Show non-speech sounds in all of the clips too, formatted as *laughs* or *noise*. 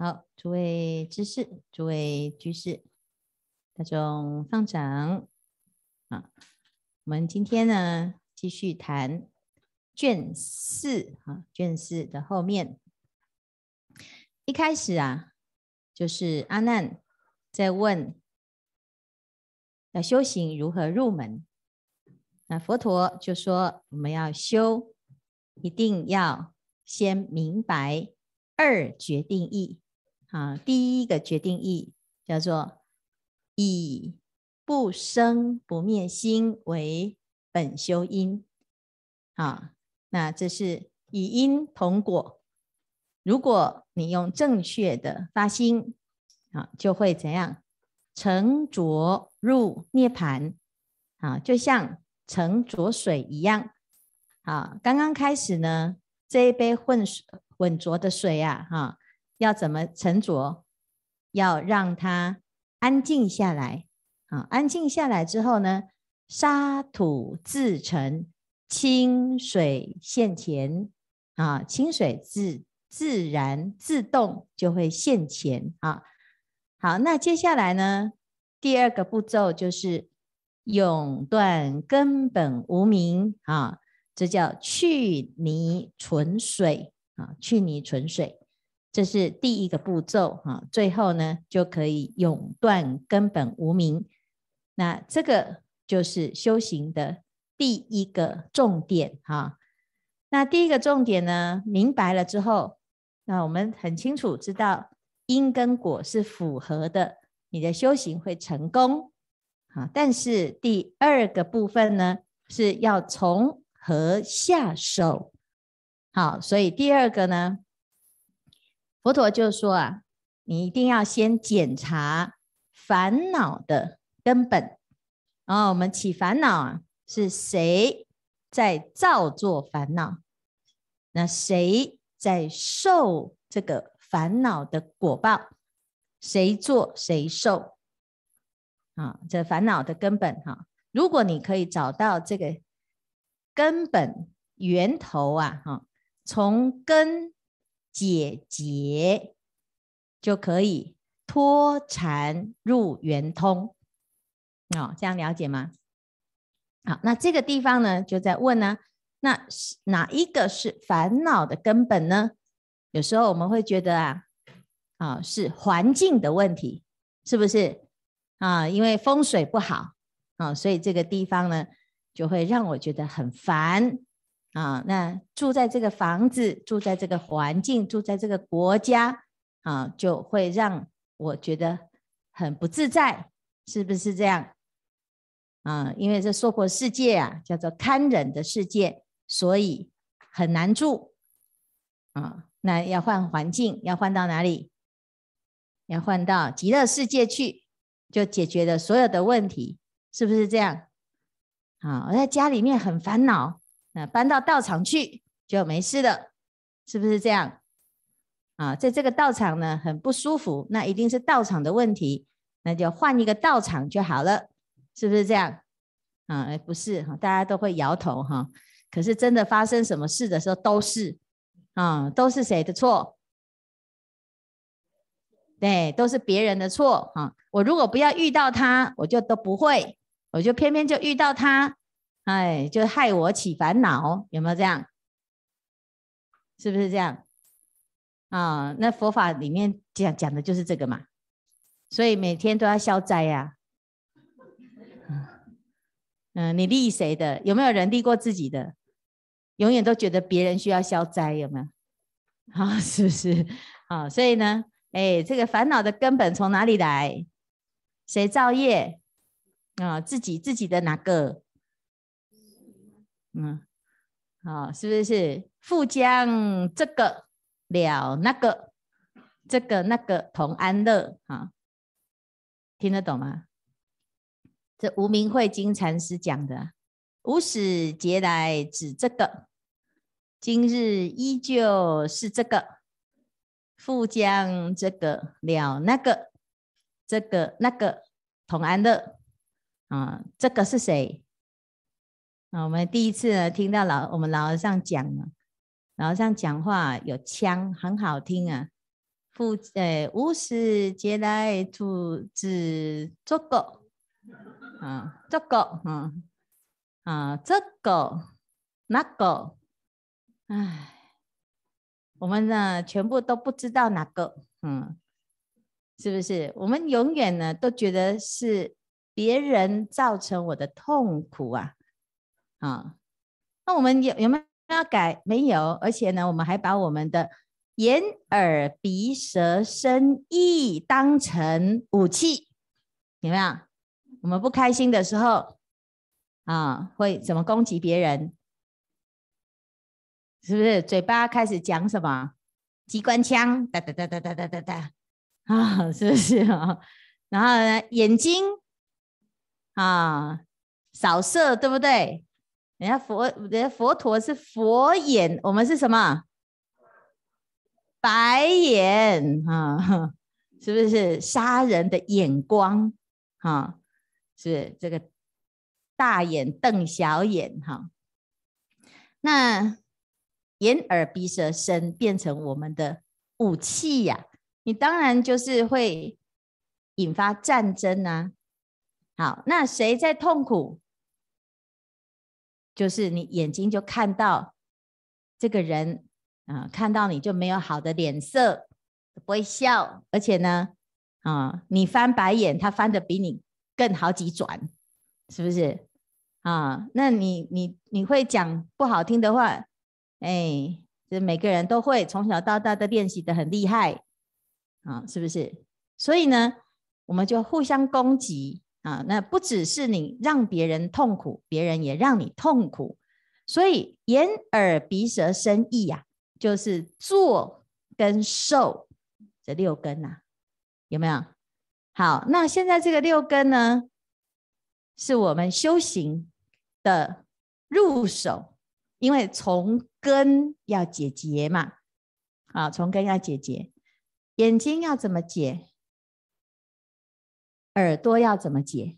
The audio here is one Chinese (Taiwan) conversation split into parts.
好，諸位知士、諸位居士，大眾放掌啊！我們今天呢，繼續談卷四啊，卷四的後面。一開始啊，就是阿難在問要修行如何入門，那佛陀就說：我們要修，一定要先明白二決定義。啊，第一個決定義叫做以不生不滅心為本修因。啊，那這是以因同果。如果你用正確的發心，啊，就會怎樣？沉濁入涅槃。啊，就像沉濁水一樣。啊，剛剛開始呢，這一杯水，混濁的水呀、啊，哈、啊。要怎麼沉着？要讓它安靜下來啊！安靜下來之後呢，沙土自沉，清水現前啊！清水自自然自動就會現前啊。好，那接下來呢，第二個步驟就是永斷根本無明啊，這叫去泥純水啊，去泥純水。這是第一個步驟哈，最後呢就可以永斷根本無明。那這個就是修行的第一個重點哈。那第一個重點呢，明白了之後，那我們很清楚知道因跟果是符合的，你的修行會成功啊。但是第二個部分呢，是要從何下手？好，所以第二個呢？佛陀就說啊，你一定要先檢查煩惱的根本。啊、哦，我們起煩惱啊，是誰在造作煩惱？那誰在受這個煩惱的果報？誰做誰受？啊、哦，這煩惱的根本哈、啊，如果你可以找到這個根本源頭啊，哈，從根。解結就可以脫纏入圓通哦，這樣了解嗎？好、哦，那這個地方呢，就在問呢、啊，那是哪一個是煩惱的根本呢？有時候我們會覺得啊，啊是環境的問題，是不是啊？因為風水不好啊，所以這個地方呢，就會讓我覺得很煩。啊，那住在這個房子，住在這個環境，住在這個國家，啊，就會讓我覺得很不自在，是不是這樣？啊，因為這娑婆世界啊，叫做堪忍的世界，所以很難住。啊，那要換環境，要換到哪裡？要換到極樂世界去，就解決了所有的問題，是不是這樣？啊，我在家裡面很煩惱。那搬到道場去就沒事了，是不是這樣？啊，在這個道場呢，很不舒服，那一定是道場的問題，那就換一個道場就好了，是不是這樣？啊，不是，大家都會搖頭哈、啊。可是真的發生什麼事的時候都是，啊，都是誰的錯？對，都是別人的錯哈。我如果不要遇到他，我就都不會，我就偏偏就遇到他。哎，就害我起煩惱，有沒有這樣？是不是這樣？啊，那佛法裡面講講的就是這個嘛，所以每天都要消災呀。嗯。嗯，你利誰的？有沒有人利過自己的？永遠都覺得別人需要消災，有沒有？啊，是不是？啊，所以呢，哎，這個煩惱的根本從哪裡來？誰造業？啊，自己自己的哪個？嗯，好、啊，是不是，是？復將這個了那個，這個那個同安樂，哈、啊，聽得懂嗎？這無明慧經禪師講的，無始劫來只這個，今日依舊是這個，復將這個了那個，這個那個同安樂，啊，這個是誰？那、啊、我們第一次呢，聽到老我們老和尚講老和尚講話有腔，很好聽啊。父誒，無始劫來，處置做狗，嗯，做狗，嗯，啊，狗、啊啊、哪狗？哎，我們呢全部都不知道哪個，嗯，是不是？我們永遠呢都覺得是別人造成我的痛苦啊。啊，那我們有有沒有要改？沒有，而且呢，我們還把我們的眼、耳、鼻、舌、身、意當成武器，有沒有？我們不開心的時候，啊，會怎麼攻擊別人？是不是嘴巴開始講什麼？機關槍噠噠噠噠噠噠噠噠，啊，是不是？啊，然後呢，眼睛啊，掃射，對不對？人家佛，人家佛陀是佛眼，我們是什麼？白眼啊，是不是殺人的眼光哈、啊，是這個大眼瞪小眼哈、啊。那眼耳鼻舌身變成我們的武器呀、啊，你當然就是會引發戰爭啊。好，那誰在痛苦？就是你眼睛就看到這個人，啊、呃，看到你就沒有好的臉色，不會笑，而且呢，啊、呃，你翻白眼，他翻得比你更好幾轉，是不是？啊、呃，那你你你會講不好聽的話，哎、欸，就每個人都會從小到大的練習得很厲害，啊、呃，是不是？所以呢，我們就互相攻擊。啊，那不只是你讓別人痛苦，別人也讓你痛苦，所以眼耳鼻舌身意呀、啊，就是做跟受這六根吶、啊，有沒有？好，那現在這個六根呢，是我們修行的入手，因為從根要解結嘛，好、啊，從根要解結，眼睛要怎麼解？耳朵要怎麼解？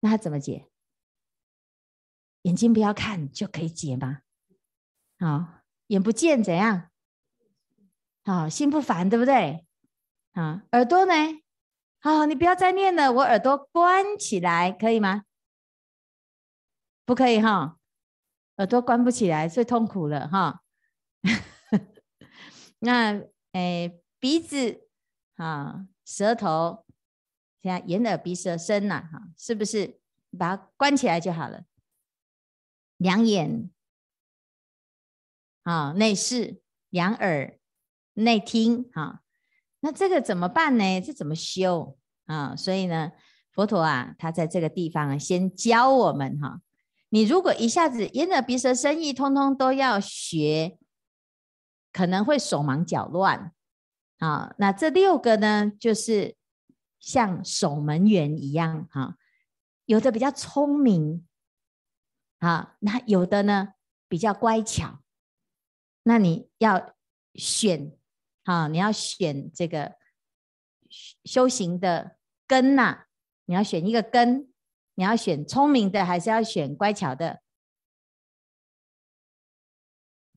那它怎麼解？眼睛不要看就可以解吧。啊，眼不見怎樣？好，心不煩對不對？啊，耳朵呢？啊，你不要再念了，我耳朵關起來可以嗎？不可以哈、哦，耳朵關不起來最痛苦了哈。哦、 *laughs* 那誒，鼻子啊。舌頭，像眼、耳、鼻、舌、身吶，哈，是不是？把它關起來就好了。兩眼，啊、哦，內視；兩耳，內聽。哈、哦，那這個怎麼辦呢？這怎麼修啊、哦？所以呢，佛陀啊，他在這個地方、啊、先教我們哈、啊，你如果一下子眼耳、耳、鼻、舌、身、意通通都要學，可能會手忙腳亂。啊，那這六個呢，就是像守門員一樣哈，啊，有的比較聰明，啊，那有的呢比較乖巧，那你要選，啊，你要選這個修行的根吶，啊，你要選一個根，你要選聰明的，還是要選乖巧的？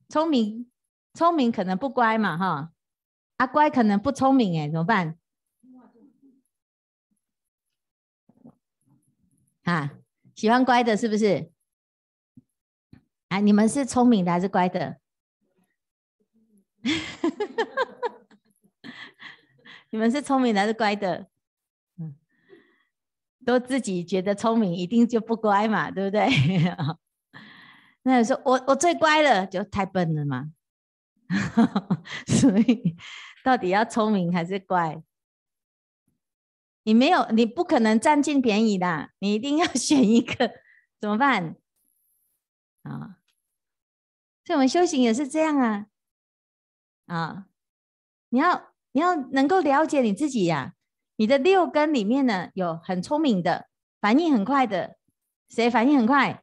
聰明，聰明可能不乖嘛，哈。阿、啊、乖可能不聰明哎，怎麼辦？啊，喜歡乖的，是不是？哎、啊，你們是聰明的還是乖的？ *laughs* 你們是聰明的還是乖的？嗯，都自己覺得聰明，一定就不乖嘛，對不對？ *laughs* 那你說，我我最乖了，就太笨了嘛。 *laughs* 所以，到底要聰明還是乖？你沒有，你不可能占盡便宜的。你一定要選一個，怎麼辦？啊，所以我們修行也是這樣啊，啊，你要你要能夠了解你自己呀、啊。你的六根裡面呢，有很聰明的，反應很快的。誰反應很快？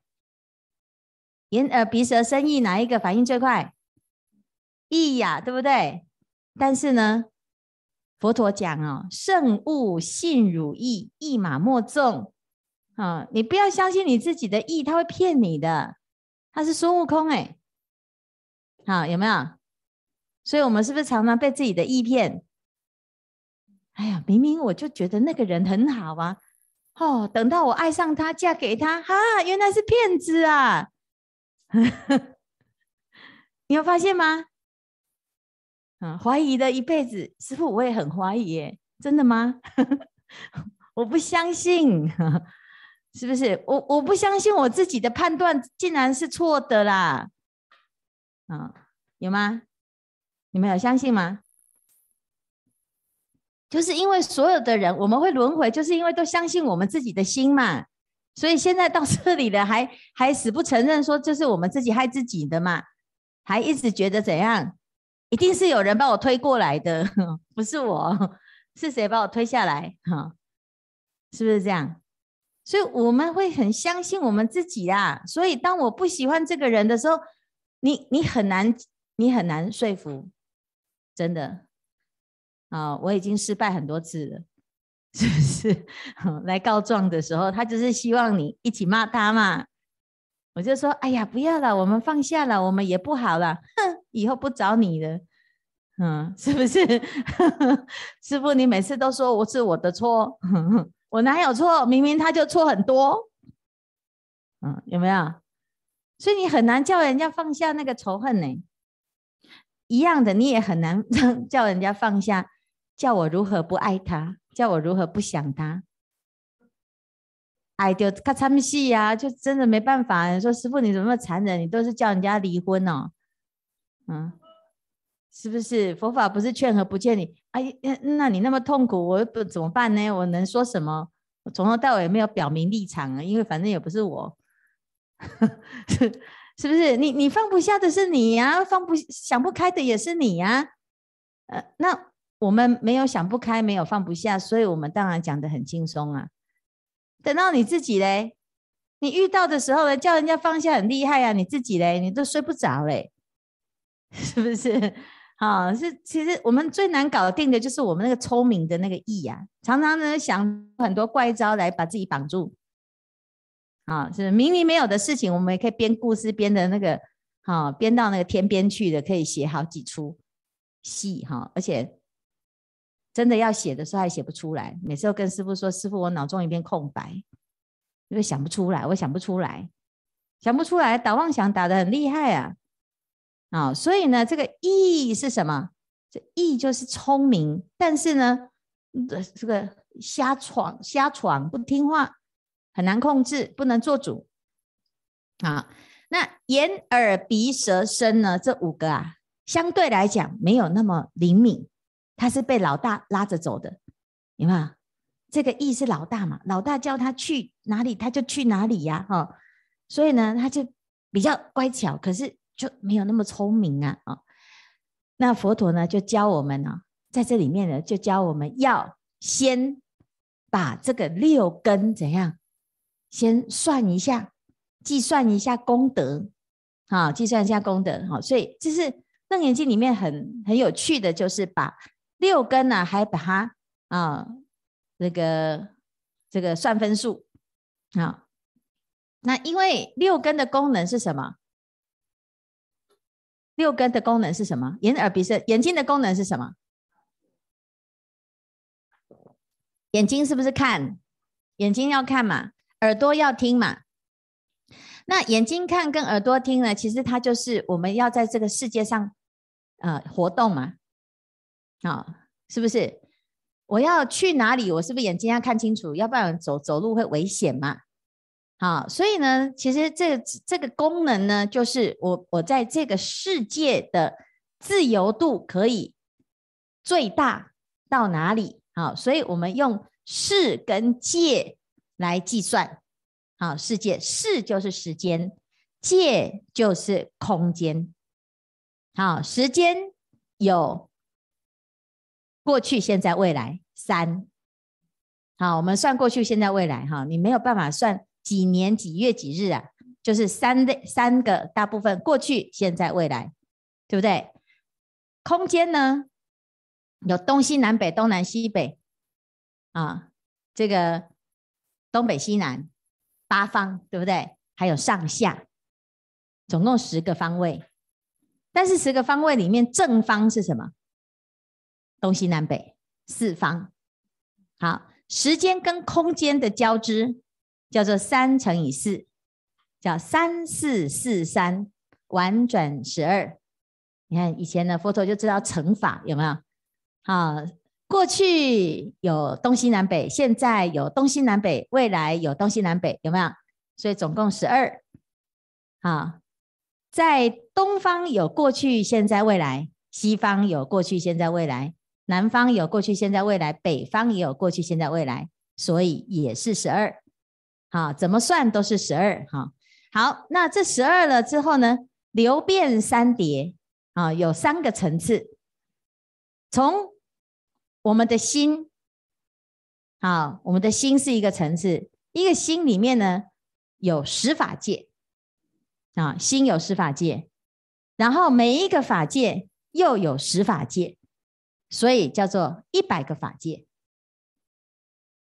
眼、耳、鼻、舌、身、意，哪一個反應最快？意呀、啊，對不對？但是呢，佛陀講哦，慎勿信汝意，意馬莫縱、啊。你不要相信你自己的意，他會騙你的。他是孫悟空哎、欸，好，有沒有？所以我們是不是常常被自己的意騙？哎呀，明明我就覺得那個人很好啊，哦，等到我愛上他，嫁給他，哈、啊，原來是騙子啊！ *laughs* 你有發現嗎？嗯、啊，懷疑了一輩子，師父我也很懷疑耶，真的嗎？ *laughs* 我不相信、啊，是不是？我我不相信我自己的判斷竟然是錯的啦。嗯、啊，有嗎？你們有相信嗎？就是因為所有的人我們會輪回，就是因為都相信我們自己的心嘛，所以現在到這裡了，還還死不承認說，這是我們自己害自己的嘛，還一直覺得怎樣？一定是有人把我推過來的，不是我，是誰把我推下來？哈，是不是這樣？所以我們會很相信我們自己啊。所以當我不喜歡這個人的時候，你你很難，你很難說服，真的。啊，我已經失敗很多次了，是不是？來告狀的時候，他就是希望你一起罵他嘛。我就說，哎呀，不要了，我們放下了，我們也不好了，哼，以後不找你了，嗯，是不是？呵呵，師父，你每次都說我是我的錯，呵呵，我哪有錯？明明他就錯很多，嗯，有沒有？所以你很難叫人家放下那個仇恨呢，一樣的，你也很難讓叫人家放下，叫我如何不愛他，叫我如何不想他。哎，就看參戲呀，就真的沒辦法、啊。你說師父，你怎麼那麼殘忍？你都是叫人家離婚哦。嗯，是不是佛法不是勸和不勸離？哎，那那你那麼痛苦，我又不怎麼辦呢？我能說什麼？我從頭到尾也沒有表明立場啊，因為反正也不是我。是 *laughs* 是不是？你你放不下的是你呀、啊，放不想不開的也是你呀、啊。呃，那我們沒有想不開，沒有放不下，所以我們當然講得很輕鬆啊。等到你自己嘞，你遇到的時候呢，叫人家放下很厲害啊。你自己嘞，你都睡不着嘞，是不是？啊，是其實我們最難搞定的就是我們那個聰明的那個意呀、啊，常常呢，想很多怪招來把自己綁住。啊，是明明沒有的事情，我們也可以編故事編的那個，哈，編到那個天邊去的，可以寫好幾出戲哈，而且。真的要寫的時候還寫不出來，每次都跟師父說：“師父，我腦中一片空白，因為想不出來，我想不出來，想不出來，打妄想打得很厲害啊！”啊、哦，所以呢，這個“意”是什麼？這“意”就是聰明，但是呢，這個瞎闖瞎闖，不聽話，很難控制，不能做主。啊、哦，那眼耳鼻舌身呢？這五個啊，相對來講沒有那麼靈敏。他是被老大拉着走的，明白？這個義是老大嘛？老大叫他去哪裡，他就去哪裡呀、啊，哈、哦。所以呢，他就比較乖巧，可是就沒有那麼聰明啊、哦，那佛陀呢，就教我們呢、哦，在這裡面呢，就教我們要先把這個六根怎樣，先算一下，計算一下功德，好、哦，計算一下功德，哦、所以，就是《楞嚴經》裡面很很有趣的就是把。六根呢、啊，還把它啊，那、這個這個算分數啊。那因為六根的功能是什麼？六根的功能是什麼？眼耳鼻舌，眼睛的功能是什麼？眼睛是不是看？眼睛要看嘛，耳朵要聽嘛。那眼睛看跟耳朵聽呢，其實它就是我們要在這個世界上啊、呃，活動嘛。好，是不是我要去哪裡？我是不是眼睛要看清楚？要不然走走路會危險嘛？好，所以呢，其實這個、這個功能呢，就是我我在這個世界的自由度可以最大到哪裡？好，所以我們用世跟界來計算。好，世界，世就是時間，界就是空間。好，時間有。過去、現在、未來，三。好，我們算過去、現在、未來，哈，你沒有辦法算幾年幾月幾日啊，就是三的三個大部分，過去、現在、未來，對不對？空間呢，有東西南北、東南西北，啊，這個東北西南八方，對不對？還有上下，總共十個方位。但是十個方位裡面，正方是什麼？東西南北四方，好，時間跟空間的交織叫做三乘以四，叫三四四三，宛轉十二。你看以前的佛陀就知道乘法有沒有？好，過去有東西南北，現在有東西南北，未來有東西南北，有沒有？所以總共十二。好，在東方有過去、現在、未來；西方有過去、現在、未來。南方有過去、現在、未來，北方也有過去、現在、未來，所以也是十二。好，怎麼算都是十二。好，好，那這十二了之後呢，流變三疊啊，有三個層次。從我們的心，啊，我們的心是一個層次，一個心裡面呢有十法界啊，心有十法界，然後每一個法界又有十法界。所以叫做一百個法界。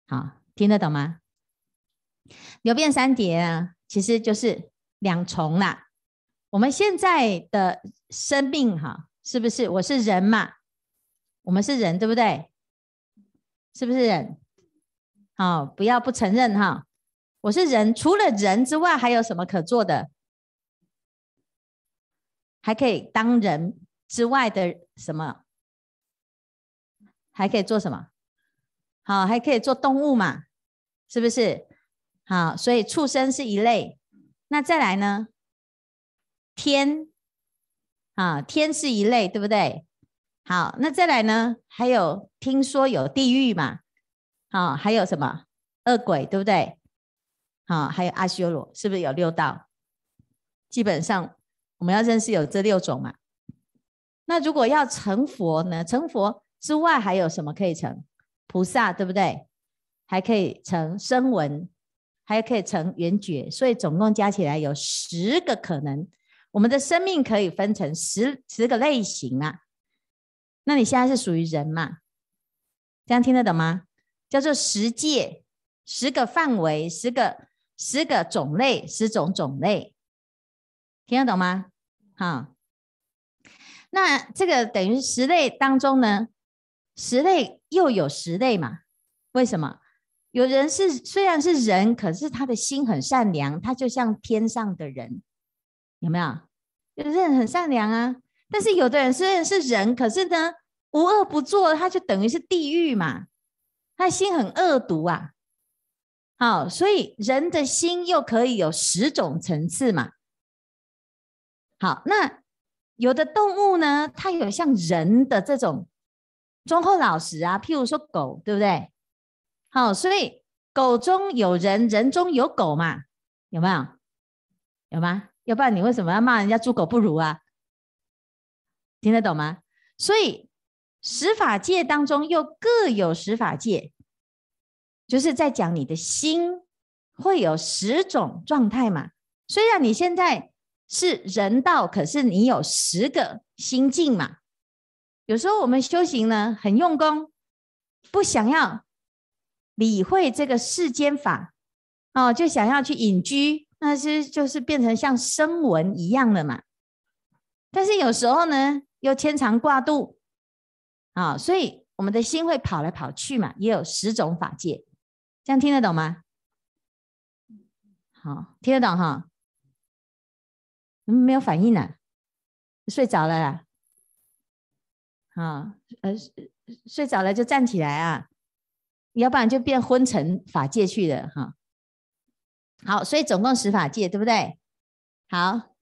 好，好，聽得懂嗎？流變三疊啊，其實就是兩重啦。我們現在的生命、啊，哈，是不是？我是人嘛，我們是人，對不對？是不是人？好、哦，不要不承認哈、啊，我是人。除了人之外，還有什麼可做的？還可以當人之外的什麼？還可以做什麼？好、哦，還可以做動物嘛？是不是？好，所以畜生是一類。那再來呢？天啊、哦，天是一類，對不對？好，那再來呢？還有聽說有地獄嘛？啊、哦，還有什麼？惡鬼，對不對？啊、哦，還有阿修羅，是不是有六道？基本上我們要認識有這六種嘛。那如果要成佛呢？成佛。之外還有什麼可以成菩薩，對不對？還可以成聲聞，還可以成緣覺，所以總共加起來有十個可能。我們的生命可以分成十十個類型啊。那你現在是屬於人嘛？這樣聽得懂嗎？叫做十界，十個範圍，十個十個種類，十種種類，聽得懂嗎？好、啊，那這個等於十類當中呢？十類又有十類嘛？為什麼？有人是，雖然是人，可是他的心很善良，他就像天上的人，有沒有？有人很善良啊。但是有的人雖然是人，可是呢，無惡不作，他就等於是地獄嘛。他心很惡毒啊。好，所以人的心又可以有十種層次嘛。好，那有的動物呢，它有像人的這種。忠厚老實啊，譬如說狗，對不對？好，哦，所以狗中有人，人中有狗嘛，有沒有？有嗎？要不然你為什麼要罵人家豬狗不如啊？聽得懂嗎？所以十法界當中又各有十法界，就是在講你的心會有十種狀態嘛。雖然你現在是人道，可是你有十個心境嘛。有時候我們修行呢很用功，不想要理會這個世間法哦，就想要去隱居，那是就是變成像聲聞一樣了嘛。但是有時候呢又牽腸掛肚，啊、哦，所以我們的心會跑來跑去嘛，也有十種法界，這樣聽得懂嗎？好，聽得懂哈？嗯、沒有反應啊？睡着了啦？啊，呃，睡着了就站起來啊，要不然就變昏沉法界去了哈、啊。好，所以總共十法界，對不對？好，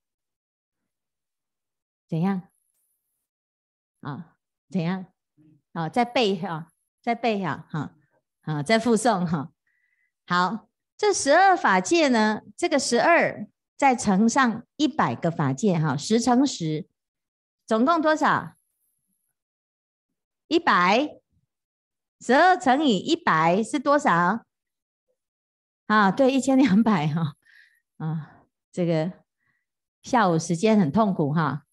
怎樣？啊，怎樣？啊，再背一下、啊，再背一下，哈、啊，啊，再複誦哈、啊。好，這十二法界呢，這個十二再乘上一百個法界哈、啊，十乘十，總共多少？一百，十二乘以一百是多少？啊，對，一千兩百哈、哦。啊，這個下午時間很痛苦哈、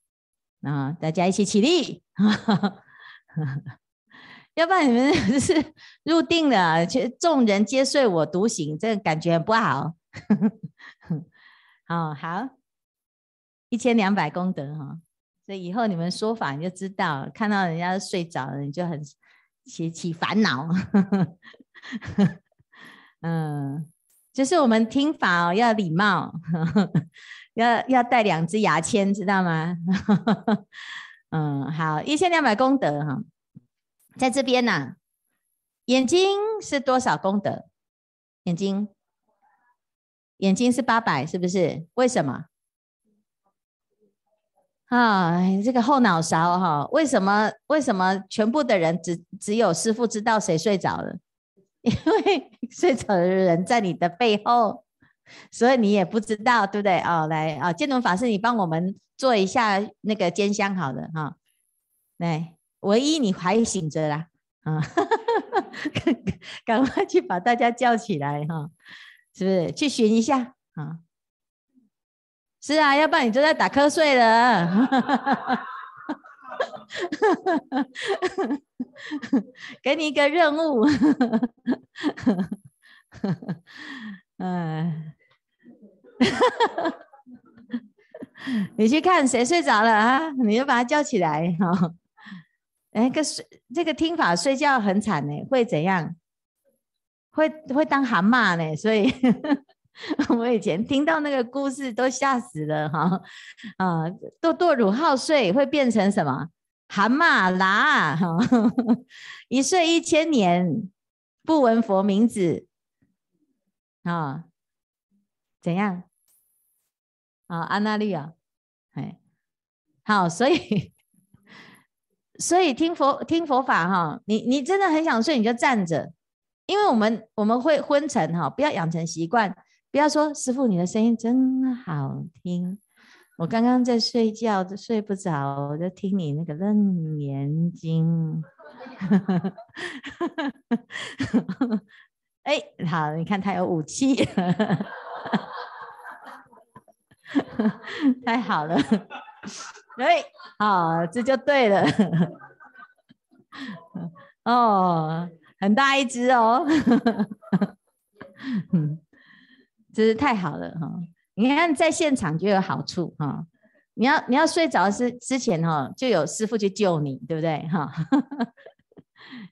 啊。啊，大家一起起立。 *laughs* 要不然你們就是入定了，卻眾人皆睡我獨醒，這個感覺不好。哦， *laughs* 好，一千兩百功德哈、哦。所以以後你們說法你就知道，看到人家睡着了你就很起起煩惱。 *laughs* 嗯，就是我們聽法、哦、要禮貌， *laughs* 要要帶兩支牙籤，知道嗎？ *laughs* 嗯，好，一千兩百功德哈，在這邊啊，眼睛是多少功德？眼睛，眼睛是八百，是不是？為什麼？啊，這個後腦勺哈、啊，為什麼為什麼全部的人只只有師父知道誰睡着了？因為睡着的人在你的背後，所以你也不知道，對不對？哦，來啊，見龍法師，你幫我們做一下那個監香好的哈、啊，來，唯一你還醒着啦、啊，啊哈哈，趕快去把大家叫起來哈、啊，是不是？去尋一下啊。是啊，要不然你就在打瞌睡了， *laughs* 給你一個任務， *laughs* 你去看誰睡着了啊？你就把他叫起來哈。哎、哦，這個聽法睡覺很慘呢，會怎樣？會會當蛤蟆呢，所以。 *laughs* 我以前聽到那個故事都嚇死了哈、哦，啊，咄咄汝好睡會變成什麼蛤蟆？啦哈馬拉、哦，一睡一千年，不聞佛名字啊、哦，怎樣？哦、啊，那啊，阿那律，哎，好，所以所以聽佛聽佛法哈、哦，你你真的很想睡你就站着，因為我們我們會昏沉哈、哦，不要養成習慣。不要說，師父，你的聲音真好聽。我剛剛在睡覺，都睡不着，我就聽你那個楞嚴經。哎、 *laughs* 欸，好，你看他有武器， *laughs* 太好了。哎、 *laughs* 欸，好，這就對了。 *laughs* 哦，很大一隻哦。 *laughs* 嗯真是太好了哈！你看在現場就有好處哈。你要你要睡着之前哈，就有師父去救你，對不對哈？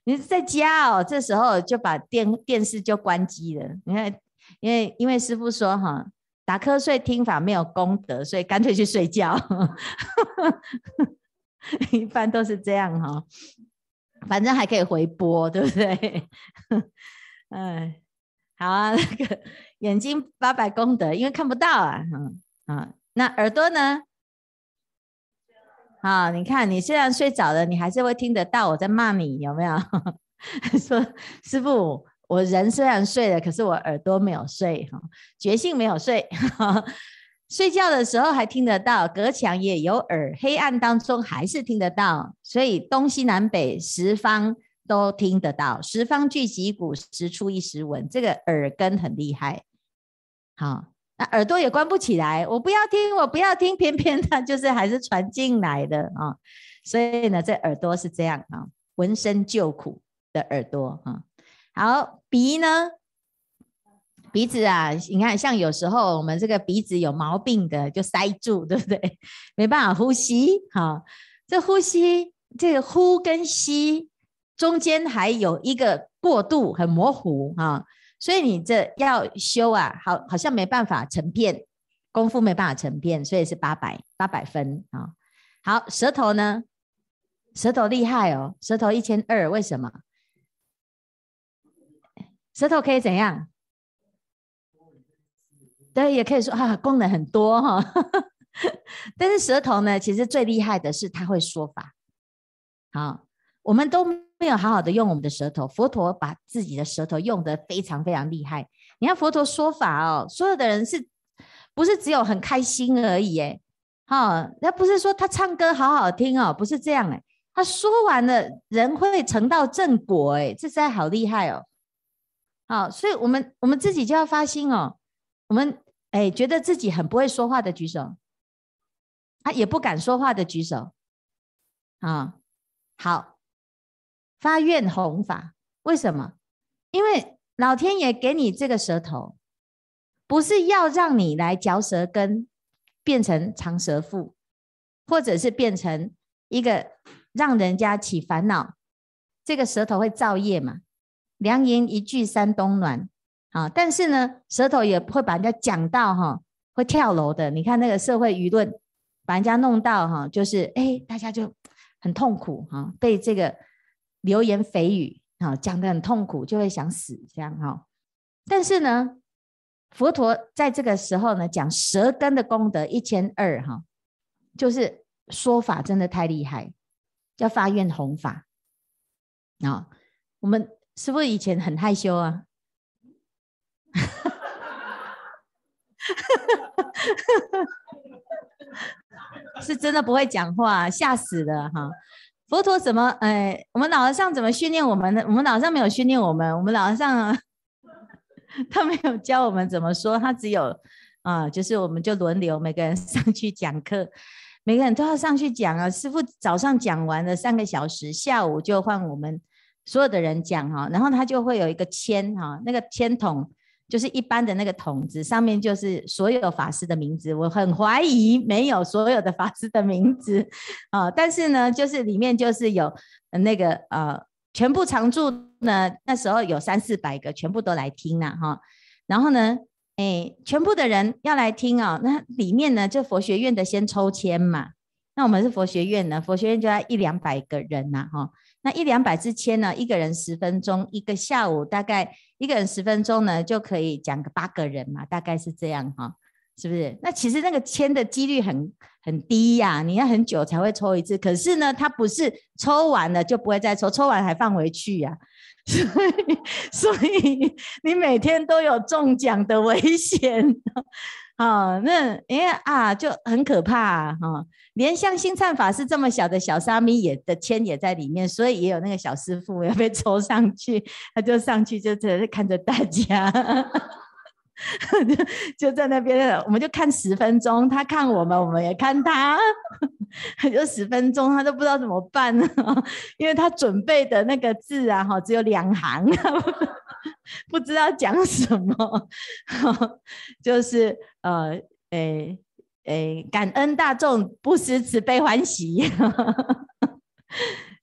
你在家哦，這時候就把電電視就關機了。你看，因為因為師父說哈，打瞌睡聽法沒有功德，所以乾脆去睡覺。一般都是這樣哈，反正還可以回播，對不對？好啊，那個眼睛八百功德，因為看不到啊，嗯，嗯那耳朵呢？好、哦，你看你雖然睡着了，你還是會聽得到我在罵你，有沒有？呵呵說師父，我人雖然睡了，可是我耳朵沒有睡，哈、哦，覺性沒有睡呵呵。睡覺的時候還聽得到，隔牆也有耳，黑暗當中還是聽得到。所以東西南北十方。都聽得到，十方俱擊鼓，十處一時聞。這個耳根很厲害，好，那耳朵也關不起來。我不要聽，我不要聽，偏偏它就是還是傳進來的啊、哦。所以呢，這耳朵是這樣啊，聞、哦、聲救苦的耳朵啊、哦。好，鼻呢？鼻子啊，你看，像有時候我們這個鼻子有毛病的，就塞住，對不對？沒辦法呼吸。好、哦，這呼吸，這個呼跟吸。中間還有一個過渡很模糊啊、哦，所以你這要修啊，好好像沒辦法成片功夫，沒辦法成片，所以是八百八百分啊、哦。好，舌頭呢？舌頭厲害哦，舌頭一千二，為什麼？舌頭可以怎樣？對，也可以說啊，功能很多哈、哦。 *laughs* 但是舌頭呢，其實最厲害的是它會說法。好，我們都。沒有好好的用我們的舌頭，佛陀把自己的舌頭用得非常非常厲害。你看佛陀說法哦，所有的人是不是只有很開心而已耶？哎、哦，好，那不是說他唱歌好好聽哦，不是這樣哎。他說完了，人會成到正果哎，這實在好厲害哦。好、哦，所以我們我們自己就要發心哦。我們哎，覺得自己很不會說話的舉手，他也不敢說話的舉手，啊、哦，好。發願弘法，為什麼？因為老天爺給你這個舌頭，不是要讓你來嚼舌根，變成長舌婦，或者是變成一個讓人家起煩惱。這個舌頭會造業嘛？良言一句三冬暖，啊，但是呢，舌頭也會把人家講到哈，會跳樓的。你看那個社會輿論，把人家弄到哈，就是哎，大家就很痛苦哈，被這個。流言蜚語，哈，講的很痛苦，就會想死，這樣哈。但是呢，佛陀在這個時候呢，講舌根的功德一千二，哈，就是說法真的太厲害，要發願弘法啊。我們是不是以前很害羞啊？哈哈哈哈哈哈哈哈哈，是真的不會講話，嚇死了哈。佛陀怎麼？哎，我們腦袋上怎麼訓練我們的？我們腦袋上沒有訓練我們，我們腦袋上、啊、他沒有教我們怎麼說，他只有啊，就是我們就輪流，每個人上去講課，每個人都要上去講啊。師父早上講完了三個小時，下午就換我們所有的人講哈、啊，然後他就會有一個籤哈、啊，那個籤筒。就是一般的那個筒子，上面就是所有法師的名字。我很懷疑沒有所有的法師的名字，啊、哦，但是呢，就是裡面就是有那個呃，全部常住呢，那時候有三四百個，全部都來聽了、啊、哈、哦。然後呢、哎，全部的人要來聽哦、啊，那裡面呢就佛學院的先抽籤嘛。那我們是佛學院呢，佛學院就要一兩百個人吶、啊，哈、哦，那一兩百支籤呢，一個人十分鐘，一個下午大概。一個人十分鐘呢，就可以講個八個人嘛，大概是這樣哈，是不是？那其實那個籤的幾率很很低呀，你要很久才會抽一次。可是呢，它不是抽完了就不會再抽，抽完還放回去呀，所以，所以你每天都有中獎的危險。好、哦，那因為、欸、啊就很可怕哈、哦，連像星燦法師這麼小的小沙彌也的籤也在裡面，所以也有那個小師傅也被抽上去，他就上去就只是看着大家，呵呵就就在那邊，我們就看十分鐘，他看我們，我們也看他，呵就十分鐘，他都不知道怎麼辦，因為他準備的那個字啊哈只有兩行。呵呵不知道講什麼，呵呵就是呃，誒、欸，誒、欸，感恩大眾，不失慈悲歡喜呵呵。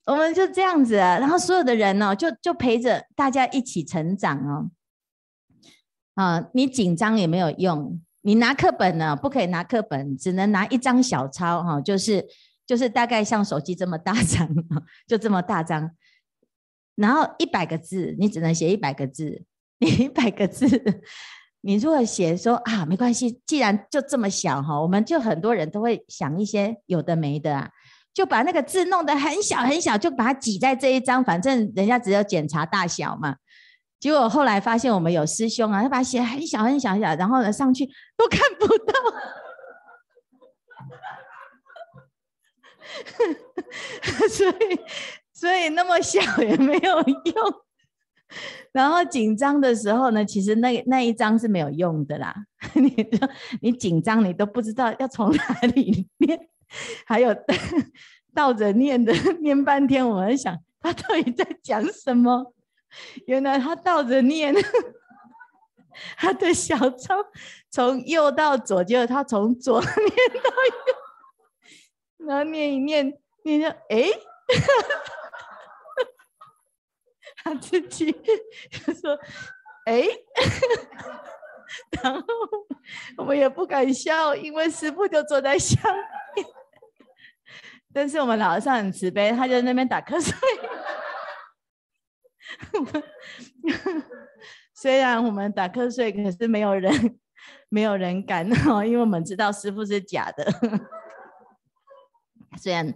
我們就這樣子、啊，然後所有的人呢、喔，就就陪着大家一起成長哦、喔。啊，你緊張也沒有用，你拿課本呢、喔，不可以拿課本，只能拿一張小抄哈、喔，就是就是大概像手機這麼大張，就這麼大張。然後一百個字，你只能寫一百個字。一百個字，你如果寫說啊，沒關係，既然就這麼小哈，我們就很多人都會想一些有的沒的啊，就把那個字弄得很小很小，就把它擠在這一張，反正人家只有檢查大小嘛。結果後來發現，我們有師兄啊，他把他寫很小很小很小，然後呢上去都看不到， *laughs* 所以。所以那麼小也沒有用，然後緊張的時候呢，其實那那一張是沒有用的啦你。你你緊張，你都不知道要從哪裡念，還有倒着念的，念半天，我在想他到底在講什麼？原來他倒着念，他的小抄從右到左，結果他從左念到右，然後念一念，念着哎。他自己他說：“哎、欸， *laughs* 然後我們也不敢笑，因為師父就坐在下面。但是我們老和尚很慈悲，他就在那邊打瞌睡。 *laughs* *laughs* 雖然我們打瞌睡，可是沒有人沒有人敢，因為我們知道師父是假的。雖然。”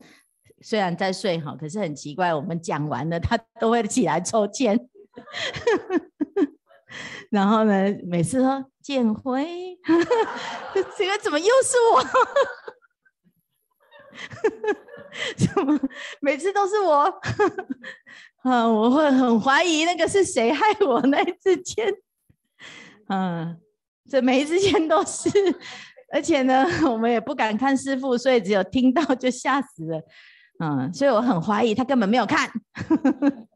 雖然在睡哈，可是很奇怪，我們講完了，他都會起來抽籤， *laughs* 然後呢，每次說見輝， *laughs* 這個怎麼又是我？怎 *laughs* 麼每次都是我？ *laughs* 嗯，我會很懷疑那個是誰害我那一次籤，嗯，這每一次籤都是，而且呢，我們也不敢看師父，所以只有聽到就嚇死了。嗯，所以我很懷疑他根本沒有看。 *laughs*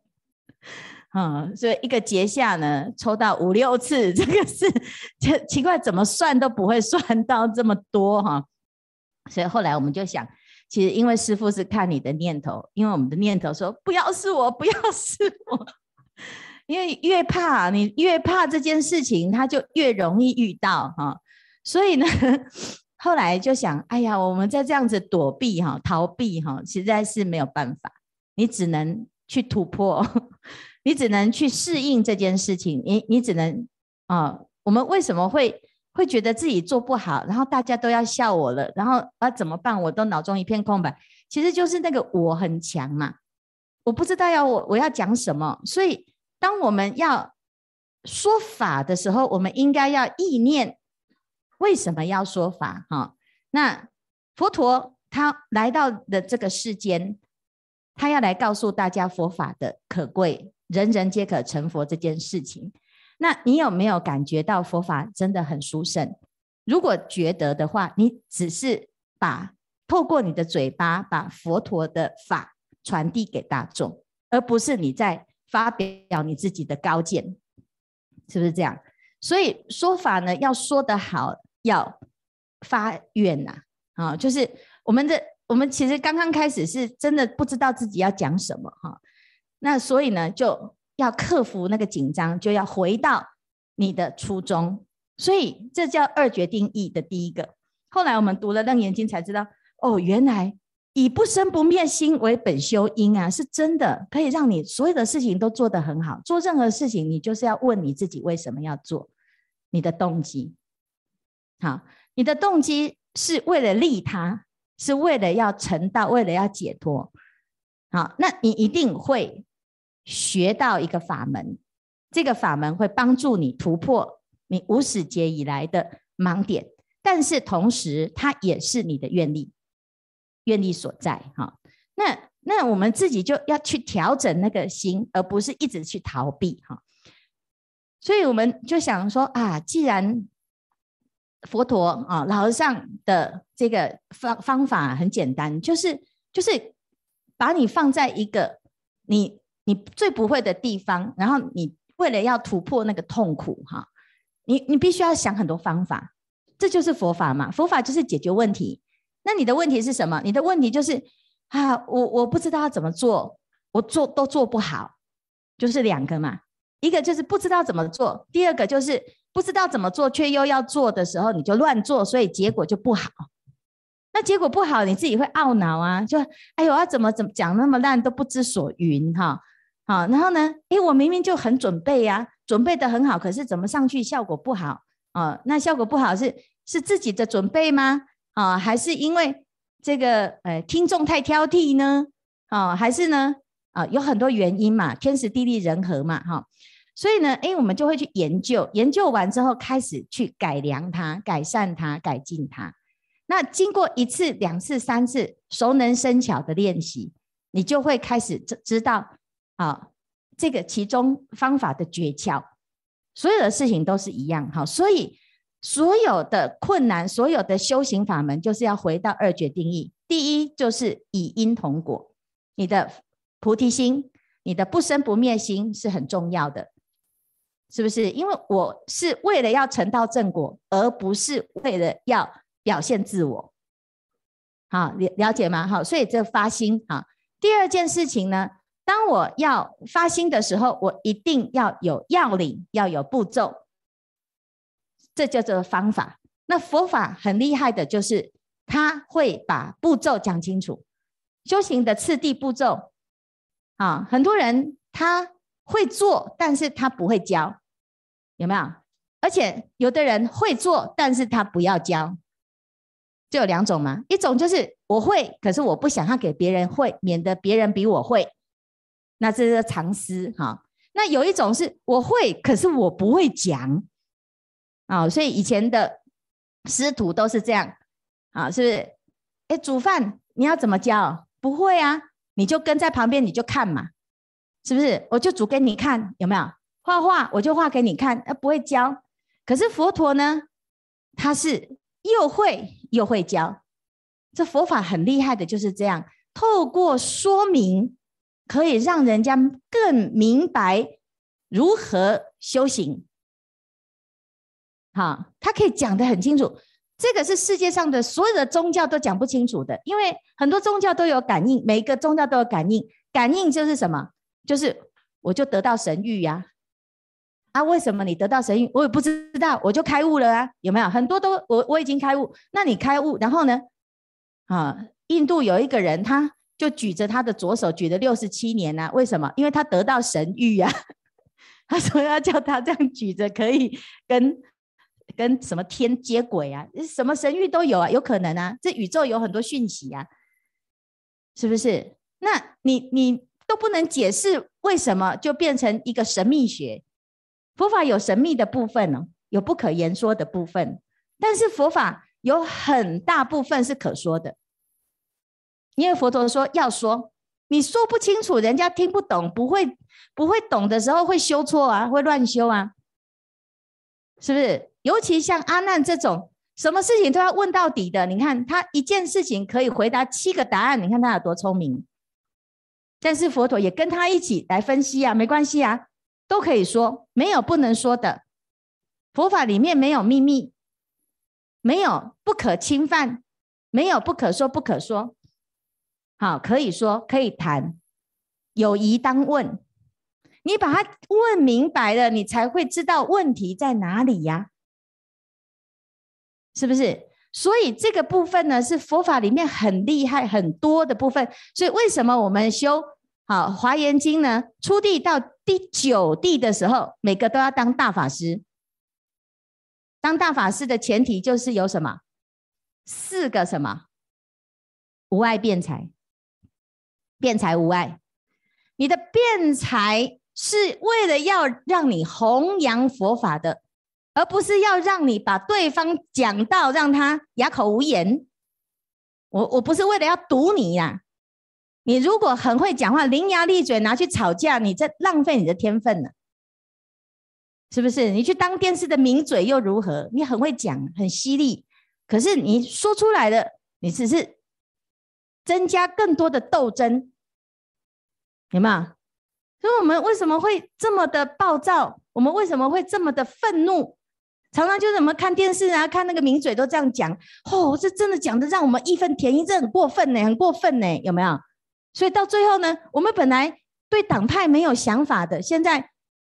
嗯，所以一個結下呢，抽到五六次，這個是這奇怪，怎麼算都不會算到這麼多哈、啊。所以後來我們就想，其實因為師父是看你的念頭，因為我們的念頭說不要是我，不要是我，因為越怕你越怕這件事情，他就越容易遇到哈、啊。所以呢。後來就想，哎呀，我們在這樣子躲避哈、逃避哈，實在是沒有辦法。你只能去突破，你只能去適應這件事情。你你只能啊、哦，我們為什麼會會覺得自己做不好，然後大家都要笑我了，然後啊怎麼辦？我都腦中一片空白。其實就是那個我很強嘛，我不知道要我我要講什麼。所以，當我們要說法的時候，我們應該要意念。為什麼要說法？哈，那佛陀他來到的這個世間，他要來告訴大家佛法的可貴，人人皆可成佛這件事情。那你有沒有感覺到佛法真的很殊勝？如果覺得的話，你只是把，透過你的嘴巴把佛陀的法傳遞給大眾，而不是你在發表你自己的高見，是不是這樣？所以說法呢，要說得好。要發願吶、啊，啊，就是我們的，我們其實剛剛開始是真的不知道自己要講什麼哈、啊，那所以呢，就要克服那個緊張，就要回到你的初衷，所以這叫二決定義的第一個。後來我們讀了《楞嚴經》，才知道哦，原來以不生不滅心為本修因啊，是真的可以讓你所有的事情都做得很好。做任何事情，你就是要問你自己為什麼要做，你的動機。好，你的動機是為了利他，是為了要成道，為了要解脫。好，那你一定會學到一個法門，這個法門會幫助你突破你無始劫以來的盲點，但是同時它也是你的願力，願力所在。哈，那那我們自己就要去調整那個心，而不是一直去逃避。哈，所以我們就想說啊，既然佛陀啊，老和尚的這個方方法很簡單，就是就是把你放在一個你你最不會的地方，然後你為了要突破那個痛苦哈，你你必須要想很多方法，這就是佛法嘛。佛法就是解決問題。那你的問題是什麼？你的問題就是啊，我我不知道要怎麼做，我做都做不好，就是兩個嘛，一個就是不知道怎麼做，第二個就是。不知道怎麼做，卻又要做的時候，你就亂做，所以結果就不好。那結果不好，你自己會懊惱啊！就哎呦，我怎麼怎麼講那麼爛，都不知所云哈、啊啊？然後呢？哎，我明明就很準備呀、啊，準備得很好，可是怎麼上去效果不好啊？那效果不好是是自己的準備嗎？啊，還是因為這個哎、呃，聽眾太挑剔呢？啊，還是呢？啊，有很多原因嘛，天時地利人和嘛，哈、啊。所以呢，哎，我們就會去研究，研究完之後開始去改良它、改善它、改進它。那經過一次、兩次、三次熟能生巧的練習，你就會開始知知道、啊，這個其中方法的訣竅。所有的事情都是一樣，好，所以所有的困難、所有的修行法門，就是要回到二覺定義。第一就是以因同果，你的菩提心、你的不生不滅心是很重要的。是不是？因為我是為了要成道正果，而不是為了要表現自我。好，了了解嗎？好，所以這發心啊。第二件事情呢，當我要發心的時候，我一定要有要領，要有步驟，這叫做方法。那佛法很厲害的，就是他會把步驟講清楚，修行的次第步驟。啊，很多人他。會做，但是他不會教，有沒有？而且有的人會做，但是他不要教，就有兩種嘛。一種就是我會，可是我不想要給別人會，免得別人比我會。那這是常識哈、哦。那有一種是我會，可是我不會講啊、哦。所以以前的師徒都是這樣啊、哦，是不是？煮飯你要怎麼教？不會啊，你就跟在旁邊，你就看嘛。是不是？我就煮給你看，有沒有？畫畫，我就畫給你看，啊，不會教，可是佛陀呢，他是又會又會教，這佛法很厲害的就是這樣，透過說明可以讓人家更明白如何修行。好，他可以講得很清楚，這個是世界上的所有的宗教都講不清楚的，因為很多宗教都有感應，每一個宗教都有感應，感應就是什麼？就是，我就得到神諭呀！啊，啊，為什麼你得到神諭？我也不知道，我就開悟了啊！有沒有很多都我我已經開悟？那你開悟，然後呢？啊，印度有一個人，他就舉着他的左手舉了六十七年呢，啊。為什麼？因為他得到神諭啊！他說要叫他這樣舉着，可以跟跟什麼天接軌啊？什麼神諭都有啊，有可能啊。這宇宙有很多訊息啊，是不是？那你你。都不能解釋為什麼，就變成一個神秘學。佛法有神秘的部分呢，有不可言說的部分，但是佛法有很大部分是可說的。因為佛陀說要說，你說不清楚，人家聽不懂，不會不會懂的時候會修錯啊，會亂修啊，是不是？尤其像阿難這種，什麼事情都要問到底的。你看他一件事情可以回答七個答案，你看他有多聰明。但是佛陀也跟他一起來分析啊，沒關係啊，都可以說，沒有不能說的。佛法裡面沒有秘密，沒有不可侵犯，沒有不可說不可說。好，可以說可以談，有疑當問，你把它問明白了，你才會知道問題在哪裡呀，啊，是不是？所以這個部分呢，是佛法裡面很厲害、很多的部分。所以為什麼我們修好《華嚴經》呢？初地到第九地的時候，每個都要當大法師。當大法師的前提就是有什麼？四個什麼？無礙辯才，辯才無礙。你的辯才是為了要讓你弘揚佛法的。而不是要讓你把對方講到讓他啞口無言。我，我我不是為了要堵你呀、啊。你如果很會講話，伶牙俐嘴，拿去吵架，你在浪費你的天分了、啊，是不是？你去當電視的名嘴又如何？你很會講，很犀利，可是你說出來的，你只是增加更多的鬥爭，有沒有？所以，我們為什麼會這麼的暴躁？我們為什麼會這麼的憤怒？常常就是我們看電視啊，看那個名嘴都這樣講，哦，這真的講得讓我們義憤填膺，這很過分呢，很過分呢，有沒有？所以到最後呢，我們本來對黨派沒有想法的，現在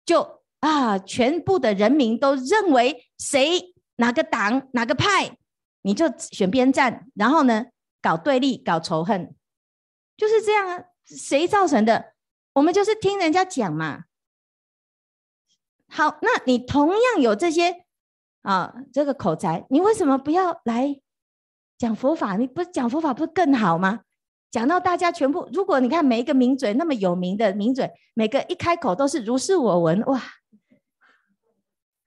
就啊，全部的人民都認為誰哪個黨哪個派，你就選邊站，然後呢，搞對立，搞仇恨，就是這樣啊。誰造成的？我們就是聽人家講嘛。好，那你同樣有這些。啊、哦，這個口才，你為什麼不要來講佛法？你不講佛法，不是更好嗎？講到大家全部，如果你看每一個名嘴那麼有名的名嘴，每個一開口都是如是我聞，哇，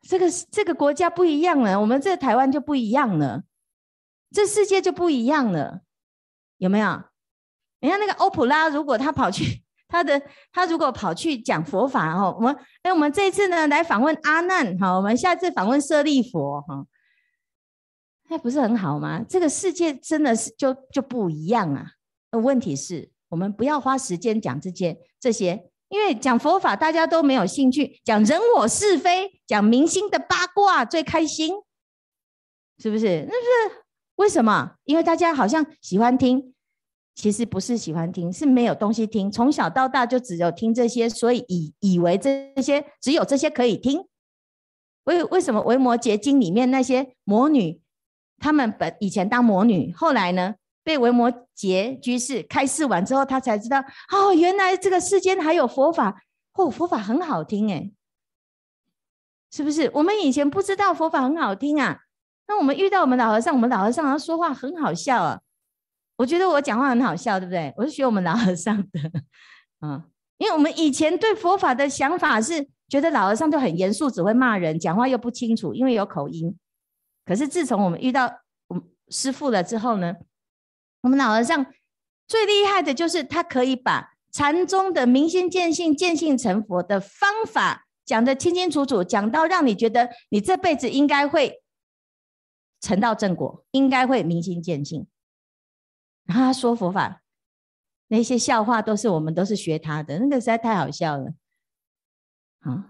這個這個國家不一樣了，我們這台灣就不一樣了，這世界就不一樣了，有沒有？你看那個歐普拉，如果他跑去。他的他如果跑去講佛法，哦，我們哎、欸，我們這次呢來訪問阿難，哈，我們下次訪問舍利佛，哈、哦，那、欸、不是很好嗎？這個世界真的是就就不一樣啊。問題是，我們不要花時間講這些這些，因為講佛法大家都沒有興趣，講人我是非，講明星的八卦最開心，是不是？那是，為什麼？因為大家好像喜歡聽。其實不是喜歡聽，是沒有東西聽。從小到大就只有聽這些，所以以以為這些只有這些可以聽。為為什麼《維摩詰經》裡面那些魔女，他們本以前當魔女，後來呢被維摩詰居士開示完之後，他才知道哦，原來這個世間還有佛法，哦，佛法很好聽耶，是不是？我們以前不知道佛法很好聽啊，那我們遇到我們老和尚，我們老和尚他說話很好笑啊。我覺得我講話很好笑，對不對？我是學我們老和尚的，嗯，因為我們以前對佛法的想法是覺得老和尚都很嚴肅，只會罵人，講話又不清楚，因為有口音。可是自從我們遇到師父了之後呢，我們老和尚最厲害的就是他可以把禪宗的明心見性、見性成佛的方法講得清清楚楚，講到讓你覺得你這輩子應該會成到正果，應該會明心見性。然後他說佛法那些笑話都是我們，都是學他的，那個實在太好笑了。好，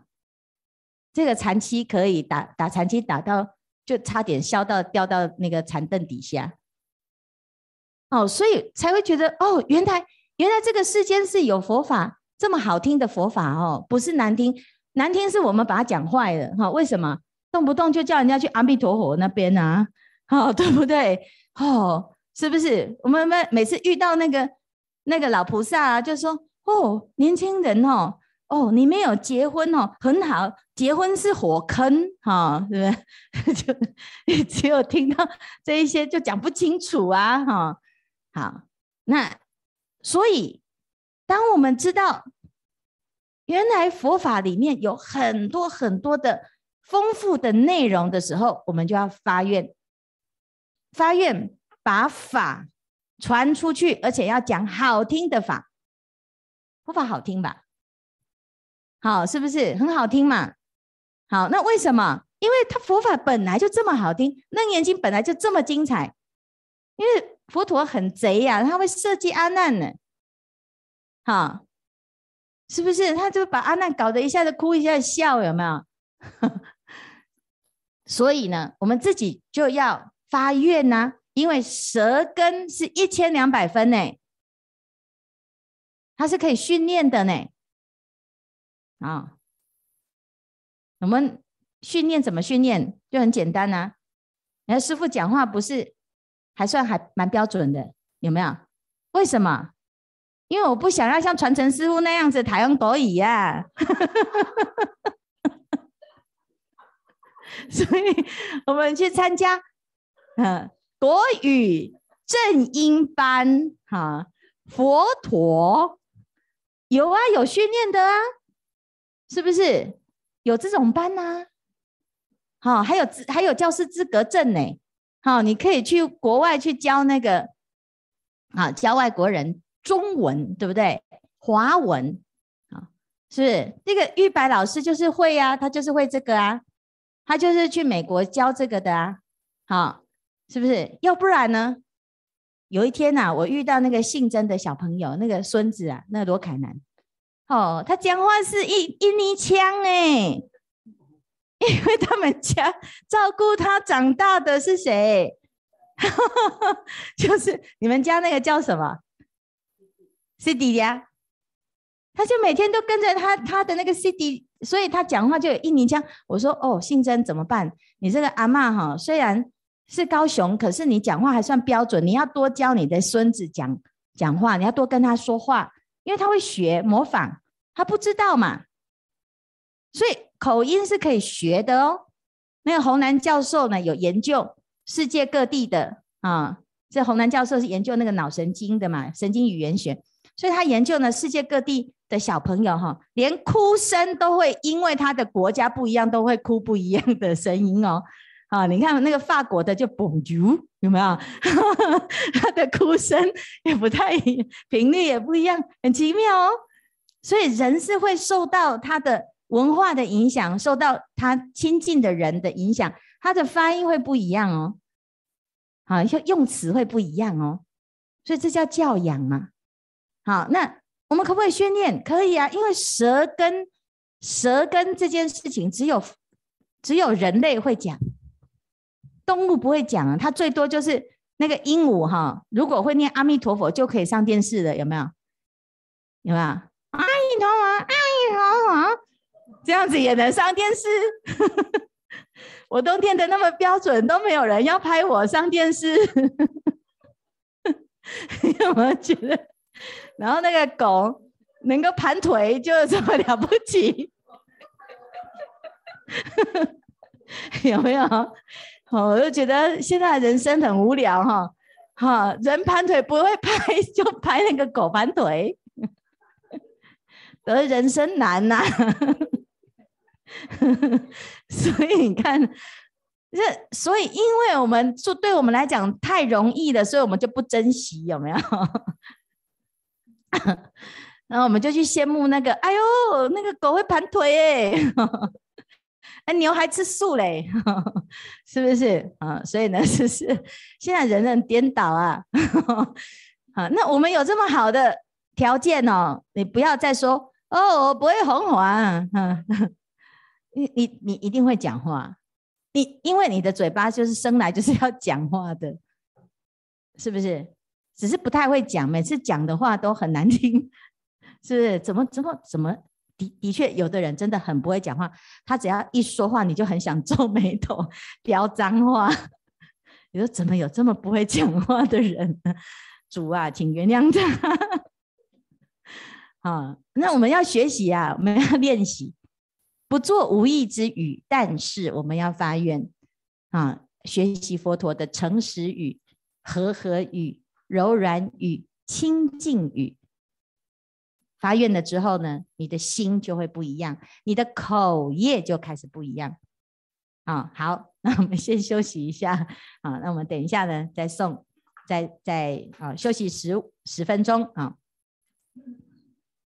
這個禪七可以打打禪七打到，就差點笑到掉到那個禪凳底下。哦，所以才會覺得哦，原來原來這個世間是有佛法這麼好聽的佛法哦，不是難聽，難聽是我們把它講壞了哈、哦。為什麼動不動就叫人家去阿彌陀佛那邊啊？好、哦，對不對？好、哦。是不是我們每每次遇到那個那個老菩薩啊，就說：“哦，年輕人哦，哦，你沒有結婚哦，很好，結婚是火坑，哈、哦，是不是？”就你只有聽到這一些就講不清楚啊，哈、哦，好，那所以當我們知道原來佛法裡面有很多很多的豐富的內容的時候，我們就要發願發願。把法傳出去，而且要講好聽的法，佛法好聽吧？好，是不是很好聽嘛？好，那為什麼？因為他佛法本來就這麼好聽，《楞嚴經》本來就這麼精彩。因為佛陀很賊呀，啊，他會設計阿難呢。好，是不是？他就把阿難搞得一下子哭，一下子笑，有沒有？ *laughs* 所以呢，我們自己就要發願啊。因為舌根是一千兩百分呢，它是可以訓練的呢。啊，我們訓練怎麼訓練就很簡單呢、啊？你看師父講話不是還算還蠻標準的，有沒有？為什麼？因為我不想要像傳承師父那樣子台灣國語呀，所以我們去參加，嗯。國語正音班哈，佛陀有啊，有訓練的啊，是不是有這種班啊？好，還有還有教師資格證呢。好，你可以去國外去教那個啊，教外國人中文，對不對？華文啊，是不是？那個玉白老師就是會啊，他就是會這個啊，他就是去美國教這個的啊。好。是不是？要不然呢？有一天啊，我遇到那個姓曾的小朋友，那個孫子啊，那個羅凱南，哦，他講話是印尼腔誒，因為他們家照顧他長大的是誰？哈哈，就是你們家那個叫什麼？Cindy 呀，他就每天都跟着他他的那個 Cindy，所以他講話就有印尼腔。我說哦，姓曾怎麼辦？你這個阿嬤哈，雖然。是高雄，可是你講話還算標準。你要多教你的孫子講講話，你要多跟他說話，因為他會學模仿。他不知道嘛，所以口音是可以學的哦。那個洪蘭教授呢，有研究世界各地的啊。這洪蘭教授是研究那個腦神經的嘛，神經語言學，所以他研究呢世界各地的小朋友哈、哦，連哭聲都會因為他的國家不一樣，都會哭不一樣的聲音哦。啊，你看那個法國的叫 Bonjour，有沒有？ *laughs* 他的哭聲也不太，頻率也不一樣，很奇妙哦。所以人是會受到他的文化的影響，受到他親近的人的影響，他的發音會不一樣哦。好，用用詞會不一樣哦。所以這叫教養嘛。好，那我們可不可以訓練？可以啊，因為舌根，舌根這件事情，只有只有人類會講。動物不會講啊，它最多就是那個鸚鵡哈。如果會念阿彌陀佛，就可以上電視的，有沒有？有啊，阿彌陀佛，阿彌陀佛，這樣子也能上電視。 *laughs* 我都念的那麼標準，都沒有人要拍我上電視。 *laughs* 有沒有覺得？然後那個狗能夠盤腿，就這麼了不起， *laughs* 有沒有？哦，我就覺得現在人生很無聊哈，哦，哈、哦，人盤腿不會拍，就拍那個狗盤腿，呵呵，人生難吶，啊，所以你看，這所以因為我們就對我們來講太容易了，所以我們就不珍惜，有沒有呵呵？然後我們就去羨慕那個，哎呦，那個狗會盤腿哎。呵呵哎、欸，牛還吃素嘞，是不是？啊，所以呢，就是，是現在人人顛倒啊，呵呵啊。那我們有這麼好的條件哦，你不要再說哦，我不會紅話。你你你一定會講話，你因為你的嘴巴就是生來就是要講話的，是不是？只是不太會講，每次講的話都很難聽，是不是？怎麼怎麼怎麼？怎麼的確，有的人真的很不會講話。他只要一說話，你就很想皺眉頭、飆髒話。你說怎麼有這麼不會講話的人呢？主啊，請原諒他。 *laughs* 好，那我們要學習啊，我們要練習，不做無意之語。但是我們要發願啊，學習佛陀的誠實語、和合語、柔軟語、清淨語。發願了之後呢，你的心就會不一樣，你的口業就開始不一樣。啊、哦，好，那我們先休息一下，啊，那我們等一下呢，再送，再再啊、呃、休息十十分鐘啊。哦